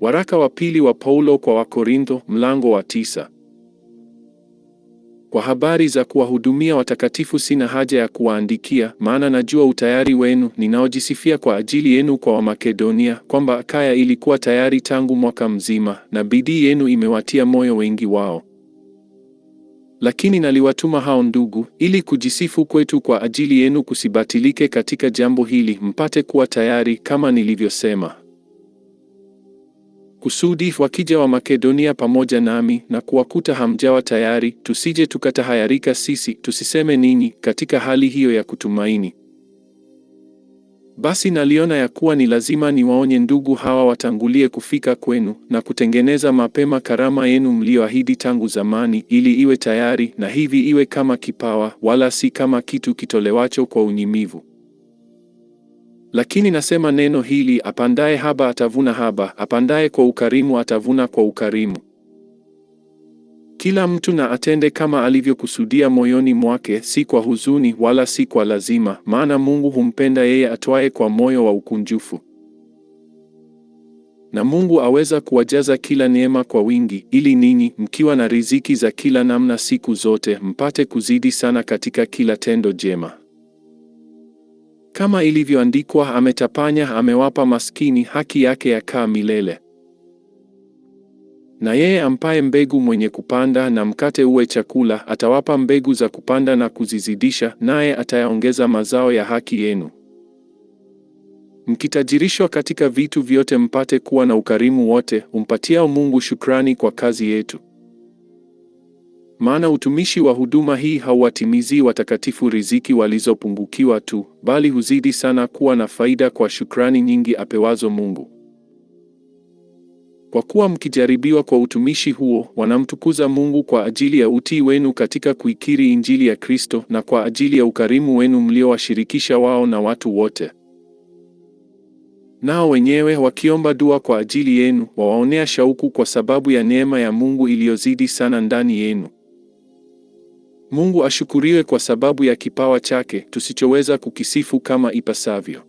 Waraka wa pili wa Paulo kwa Wakorintho mlango wa tisa. Kwa habari za kuwahudumia watakatifu sina haja ya kuwaandikia, maana najua utayari wenu ninaojisifia kwa ajili yenu kwa Wamakedonia, kwamba Akaya ilikuwa tayari tangu mwaka mzima, na bidii yenu imewatia moyo wengi wao. Lakini naliwatuma hao ndugu, ili kujisifu kwetu kwa ajili yenu kusibatilike katika jambo hili, mpate kuwa tayari kama nilivyosema kusudi wakija wa Makedonia pamoja nami na kuwakuta hamjawa tayari, tusije tukatahayarika sisi, tusiseme ninyi katika hali hiyo ya kutumaini. Basi naliona ya kuwa ni lazima niwaonye ndugu hawa watangulie kufika kwenu na kutengeneza mapema karama yenu mliyoahidi tangu zamani, ili iwe tayari, na hivi iwe kama kipawa, wala si kama kitu kitolewacho kwa unyimivu. Lakini nasema neno hili, apandaye haba atavuna haba, apandaye kwa ukarimu atavuna kwa ukarimu. Kila mtu na atende kama alivyokusudia moyoni mwake, si kwa huzuni wala si kwa lazima, maana Mungu humpenda yeye atwaye kwa moyo wa ukunjufu. Na Mungu aweza kuwajaza kila neema kwa wingi, ili ninyi mkiwa na riziki za kila namna siku zote, mpate kuzidi sana katika kila tendo jema. Kama ilivyoandikwa, ametapanya, amewapa maskini haki yake yakaa milele. Na yeye ampaye mbegu mwenye kupanda na mkate uwe chakula, atawapa mbegu za kupanda na kuzizidisha, naye atayaongeza mazao ya haki yenu, mkitajirishwa katika vitu vyote, mpate kuwa na ukarimu wote, umpatiao Mungu shukrani kwa kazi yetu. Maana utumishi wa huduma hii hauwatimizii watakatifu riziki walizopungukiwa tu, bali huzidi sana kuwa na faida kwa shukrani nyingi apewazo Mungu. Kwa kuwa mkijaribiwa kwa utumishi huo, wanamtukuza Mungu kwa ajili ya utii wenu katika kuikiri Injili ya Kristo na kwa ajili ya ukarimu wenu mliowashirikisha wao na watu wote. Nao wenyewe wakiomba dua kwa ajili yenu, wawaonea shauku kwa sababu ya neema ya Mungu iliyozidi sana ndani yenu. Mungu ashukuriwe kwa sababu ya kipawa chake tusichoweza kukisifu kama ipasavyo.